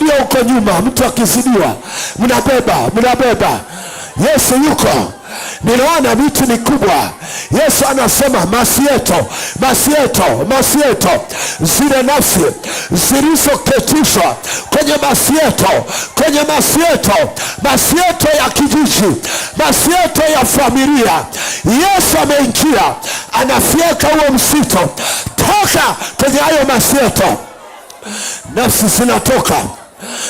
mnasaidia huko nyuma, mtu akizidiwa mnabeba, mnabeba. Yesu yuko Niliona miti mikubwa. Yesu anasema masieto, masieto, masieto, zile nafsi zilizoketishwa kwenye masieto, kwenye masieto, masieto ya kijiji, masieto ya familia. Yesu ameingia, anafyeka huo msito, toka kwenye hayo masieto, nafsi zinatoka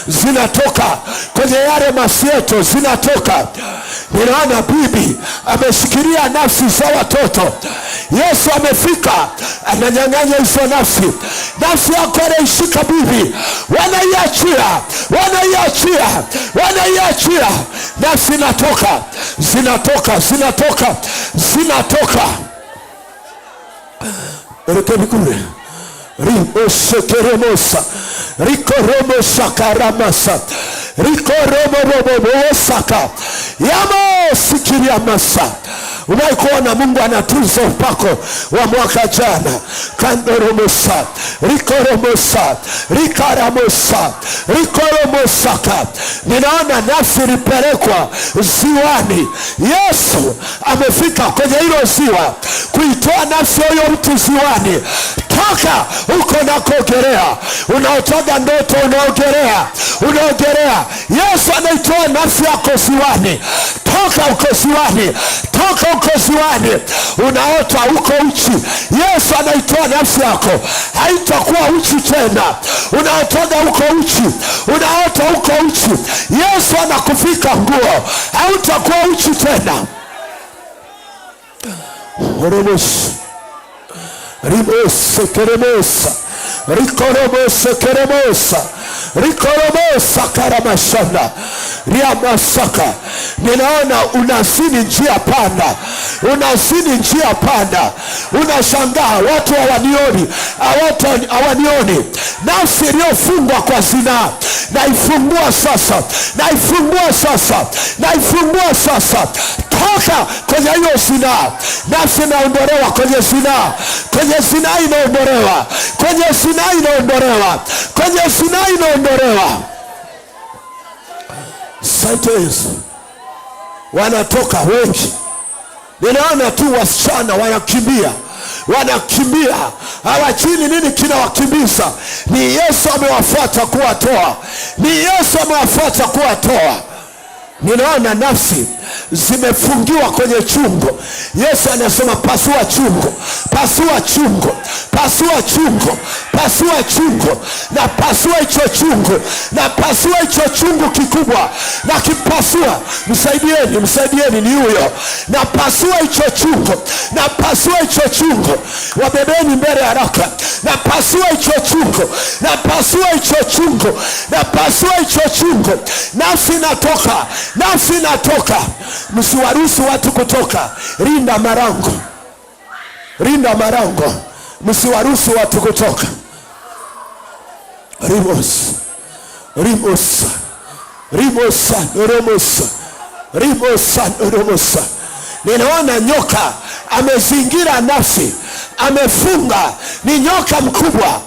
zinatoka kwenye yale mafyeto, zinatoka. Ninaona bibi ameshikilia nafsi za watoto. Yesu amefika, ananyang'anya hizo nafsi. Nafsi yako anaishika bibi, wanaiachia, wanaiachia, wanaiachia, nafsi inatoka, zinatoka, zinatoka, zinatoka. rekebikure rimosekeremosa rikoromosakaramasa rikoromoromomosaka yamosikiriamasa Umewahi kuona Mungu ana upako wa mwaka jana, kandoromosa rikoromosa rikaramosa rikoromosaka. Ninaona nafsi ilipelekwa ziwani. Yesu amefika kwenye hilo ziwa kuitoa nafsi ya huyo mtu ziwani unaotoka huko unakogelea, unaotoka ndoto unaogerea unaogerea Yesu anaitoa nafsi yako siwani toka uko siwani toka uko siwani unaota uko uchi. Yesu anaitoa nafsi yako, haitakuwa uchi tena. Unaotoka uko uchi, unaota uko uchi, Yesu anakufika nguo, hautakuwa uchi tena ribose kerebosa rikoromose kerebosa rikorobosa karamashana riamasaka. Ninaona unasini njia panda, unasini njia panda, unashangaa watu hawanioni, hawanioni. Nafsi iliyofungwa kwa zinaa naifungua sasa, naifungua sasa, naifungua sasa Toka kwenye hiyo zinaa, nafsi inaondolewa kwenye zinaa, kwenye zinaa inaondolewa, kwenye zinaa inaondolewa, kwenye zinaa inaondolewa. Sante Yesu, wanatoka wengi. Ninaona tu wasichana wanakimbia wanakimbia hawachini. Nini kinawakimbiza? Ni Yesu amewafuata kuwatoa, ni Yesu amewafuata kuwatoa. Ninaona nafsi zimefungiwa kwenye chungo. Yesu anasema pasua chungo, pasua chungo, pasua chungo, pasua chungo, na pasua hicho chungo, na pasua hicho chungo kikubwa, na kipasua. Msaidieni, msaidieni, ni huyo. Na pasua hicho chungo, na pasua hicho chungo, wabebeni mbele haraka. Na pasua hicho chungo, na pasua hicho chungo, na pasua hicho chungo. Nafsi inatoka, nafsi inatoka msiwaruhusu watu kutoka. Rinda marango, rinda marango, msiwaruhusu watu kutoka. rimos rimos rimosa oromosa rimosa oromosa. Ninaona nyoka amezingira nafsi, amefunga. Ni nyoka mkubwa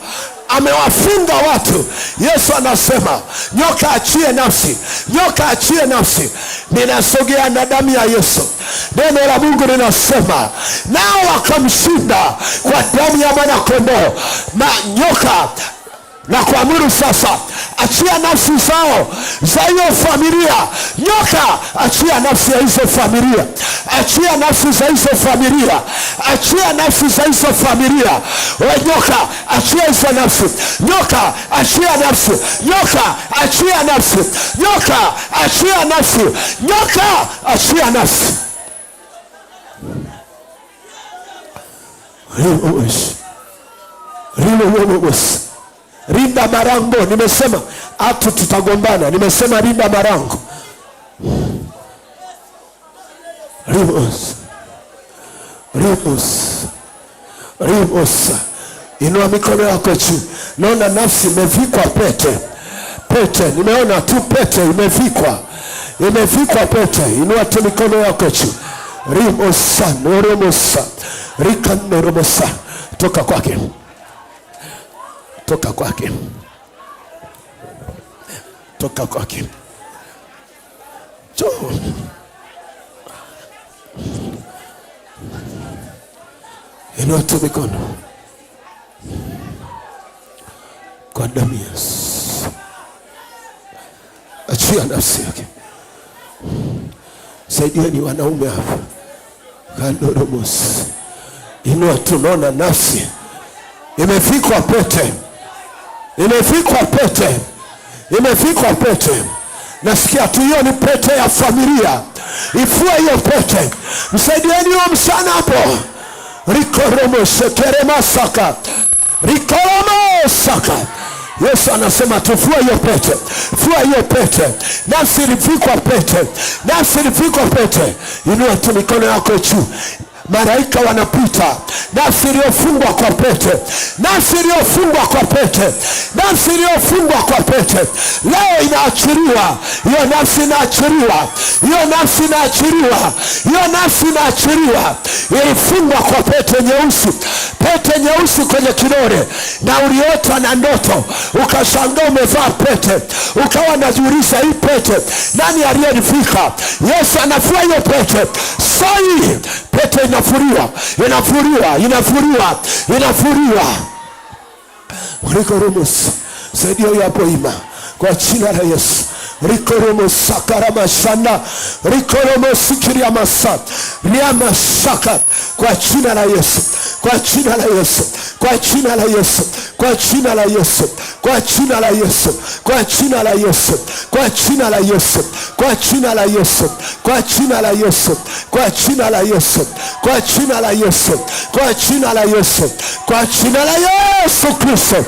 amewafunga watu. Yesu anasema nyoka achie nafsi, nyoka achie nafsi ninasogea na damu ya Yesu. Neno la Mungu linasema nao wakamshinda kwa damu ya mwana kondoo, manyoka na kuamuru sasa, achia nafsi zao za hiyo familia. Nyoka, achia nafsi ya hizo familia, achia nafsi za hizo familia, achia nafsi za hizo familia. We nyoka, achia hizo nafsi. Nyoka, achia nafsi. Nyoka, achia nafsi. Nyoka, achia nafsi. Nyoka, achia nafsi. Riloosi, riloosi Rinda marango, nimesema hatu tutagombana, nimesema rinda marango. Rimos, rimos, rimos. Inua mikono yako juu. Naona nafsi imevikwa pete, pete. Nimeona tu pete imevikwa, imevikwa pete. Inua tu mikono yako juu. Rimosa, noromosa, rikanooromosa, toka kwake toka kwake, toka kwake. jo inua tu mikono kwa damu ya Yesu, achia nafsi yake. Saidieni wanaume hapa kandoromos, inua tunaona nafsi imefikwa pete imefikwa pete, imefikwa pete. Nasikia tu hiyo ni pete ya familia. Ifua hiyo pete, msaidieni huyo msana hapo. rikoromoseteremasaka rikoromosaka Yesu anasema tufua hiyo pete, fua hiyo pete. Nafsi ilifikwa pete, nafsi ilifikwa pete. Inua tu mikono yako juu. Malaika wanapita, nafsi iliyofungwa kwa pete, nafsi iliyofungwa kwa pete, nafsi iliyofungwa kwa pete leo inaachiliwa. Hiyo nafsi inaachiliwa, hiyo nafsi inaachiliwa, hiyo nafsi inaachiliwa. Ilifungwa kwa pete nyeusi, pete nyeusi kwenye kidole, na uliota na ndoto ukashangaa umevaa pete, ukawa najiuliza hii pete nani aliyenivika? Yesu anafua hiyo pete sai pete inafuriwa, inafuriwa, inafuriwa, inafuriwa. Rikoromus, saidia huyo hapo ima, kwa jina la Yesu. Rikoromosakarabashanda rikoromosikiria masa riamashaka, kwa jina la Yesu kwa jina la Yesu, kwa jina la Yesu, kwa jina la Yesu, kwa jina la Yesu, kwa jina la Yesu, kwa jina la Yesu, kwa jina la Yesu, kwa jina la Yesu, kwa jina la Yesu, kwa jina la Yesu, kwa jina la Yesu, kwa jina la Yesu Kristo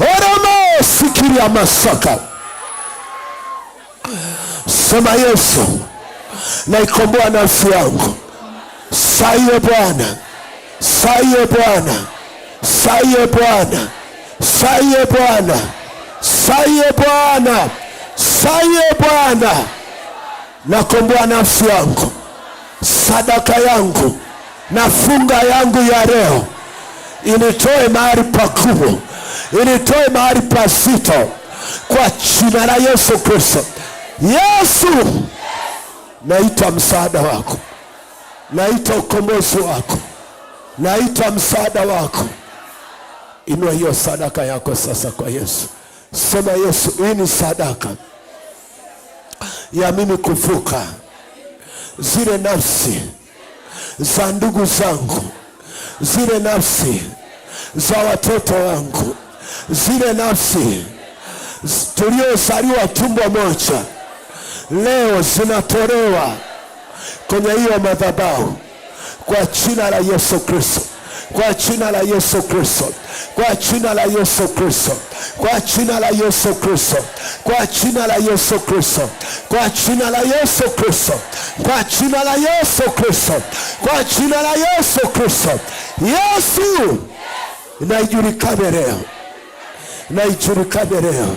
orama sikiria masaka sema Yesu, naikomboa nafsi yangu saiye Bwana Saiye Bwana, saiye Bwana, saiye Bwana, saiye Bwana, saiye Bwana. Nakomboa nafsi yangu, sadaka yangu na funga yangu ya leo, initoe mahali pakubwa, initoe mahali pasito, kwa jina la Yesu Kristo. Yesu, naita msaada wako, naita ukombozi wako naita msaada wako. Inua hiyo sadaka yako sasa kwa Yesu. Sema Yesu, hii ni sadaka ya mimi kufuka zile nafsi za ndugu zangu, zile nafsi za watoto wangu, zile nafsi tuliozaliwa tumbo moja, leo zinatolewa kwenye hiyo madhabahu kwa jina la Yesu Kristo, kwa jina la Yesu Kristo, kwa jina la Yesu Kristo, kwa jina la Yesu Kristo, kwa jina la Yesu Kristo, kwa jina la Yesu Kristo, kwa jina la Yesu Kristo, kwa jina la Yesu Kristo. Yesu naijulikane leo, naijulikane leo,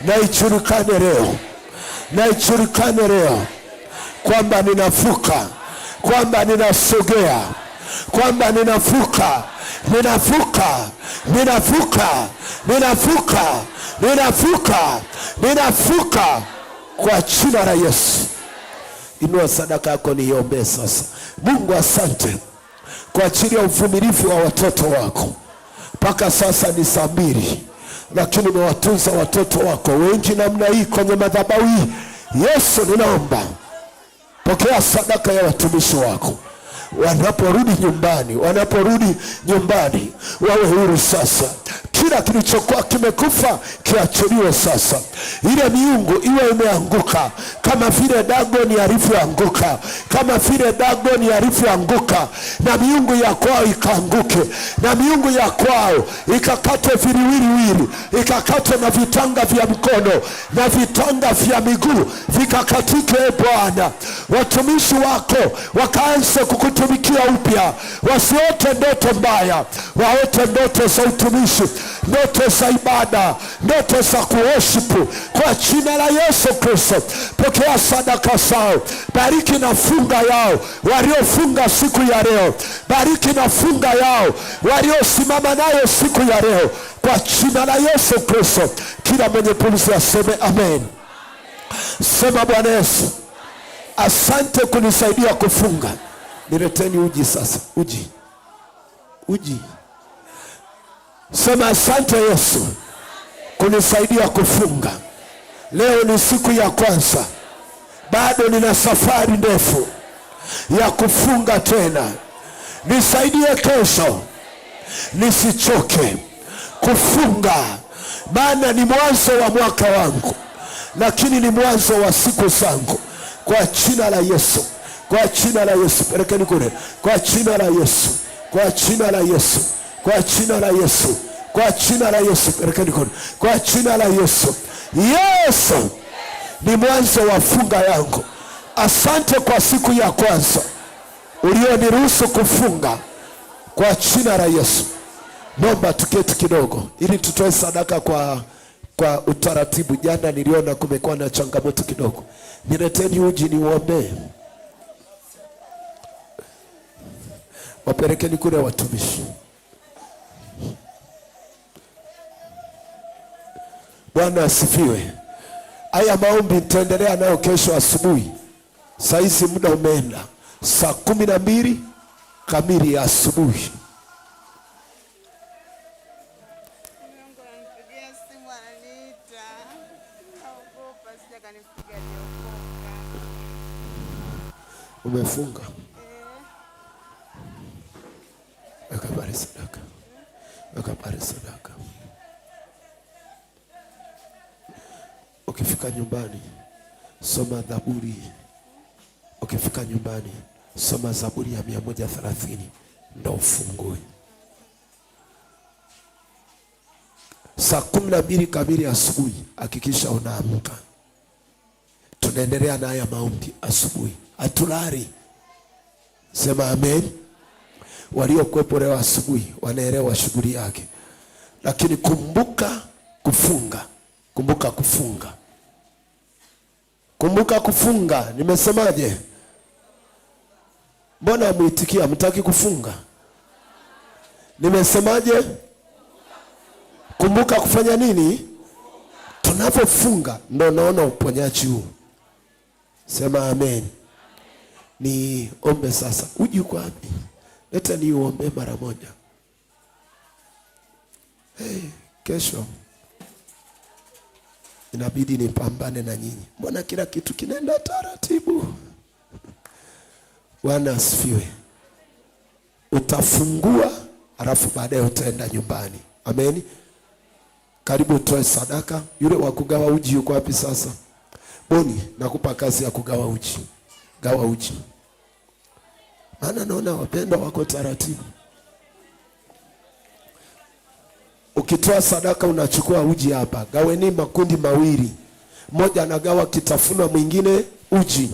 naijulikane leo, naijulikane leo kwamba ninafuka kwamba ninasogea, kwamba ninafuka ninafuka ninafuka ninafuka ninafuka ninafuka kwa jina la Yesu. Inua sadaka yako niiombee sasa. Mungu, asante kwa ajili ya uvumilivu wa watoto wako mpaka sasa ni saa mbili, lakini umewatunza watoto wako wengi namna hii kwenye madhabahu hii. Yesu, ninaomba Pokea sadaka ya watumishi wako wanaporudi nyumbani, wanaporudi nyumbani wawe huru sasa kila kilichokuwa kimekufa kiachiliwe sasa. Ile miungu iwe imeanguka kama vile Dagoni alivyoanguka, kama vile Dagoni alivyoanguka, na miungu ya kwao ikaanguke, na miungu ya kwao ikakate viliwiliwili, ikakate na vitanga vya mkono na vitanga vya miguu vikakatike. E Bwana, watumishi wako wakaanze kukutumikia upya, wasiote ndoto mbaya, waote ndoto za utumishi ndoto za ibada, ndoto za kuoshipu kwa jina la Yesu Kristo. Pokea sadaka zao, bariki na funga yao waliofunga siku ya leo, bariki na funga yao waliosimama nayo siku ya leo kwa jina la Yesu Kristo. Kila mwenye pumzi aseme amen. Sema Bwana Yesu, asante kunisaidia kufunga. Nileteni uji sasa, uji uji. Sema asante Yesu kunisaidia kufunga. Leo ni siku ya kwanza, bado nina safari ndefu ya kufunga tena. Nisaidie kesho nisichoke kufunga, maana ni mwanzo wa mwaka wangu, lakini ni mwanzo wa siku zangu, kwa jina la Yesu, kwa jina la Yesu. Pelekeni kule, kwa jina la Yesu, kwa jina la Yesu kwa jina la Yesu, kwa jina la Yesu, kwa jina la Yesu. Yesu ni mwanzo wa funga yangu. Asante kwa siku ya kwanza ulioniruhusu kufunga, kwa jina la Yesu. Naomba tuketi kidogo, ili tutoe sadaka kwa kwa utaratibu. Jana niliona kumekuwa na changamoto kidogo. Nileteni uji niuombee, wapelekeni kule watumishi. Bwana asifiwe. Haya maombi nitaendelea nayo kesho asubuhi. Saa hizi muda umeenda, saa kumi na mbili kamili ya asubuhi. Umefunga sadaka, sadaka. Ukifika nyumbani soma Zaburi, ukifika nyumbani soma Zaburi ya mia moja thelathini ndo ufungue. Saa kumi na mbili kamili asubuhi hakikisha unaamka. Tunaendelea na haya maombi asubuhi, hatulali. Sema amen. Waliokuwepo leo asubuhi wanaelewa shughuli yake, lakini kumbuka kufunga, kumbuka kufunga Kumbuka kufunga, nimesemaje? Mbona mwitikia mtaki kufunga? Nimesemaje? Kumbuka kufanya nini? Tunapofunga ndo naona uponyaji huu. Sema amen. Ni ombe sasa, uji kwa wapi? Leta niuombe mara moja. Hey, kesho inabidi nipambane na nyinyi. Mbona kila kitu kinaenda taratibu? Bwana asifiwe. Utafungua alafu baadaye utaenda nyumbani. Amen. Karibu utoe sadaka. Yule wa kugawa uji yuko wapi sasa? Boni, nakupa kazi ya kugawa uji. Gawa uji, maana naona wapendwa wako taratibu. Ukitoa sadaka unachukua uji hapa, gaweni makundi mawili, mmoja anagawa kitafuna, mwingine uji.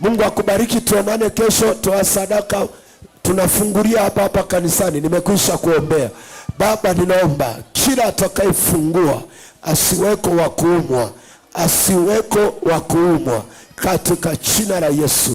Mungu akubariki, tuonane kesho. Toa sadaka, tunafungulia hapa hapa kanisani. Nimekwisha kuombea. Baba, ninaomba kila atakayefungua asiweko wa kuumwa, asiweko wa kuumwa katika jina la Yesu.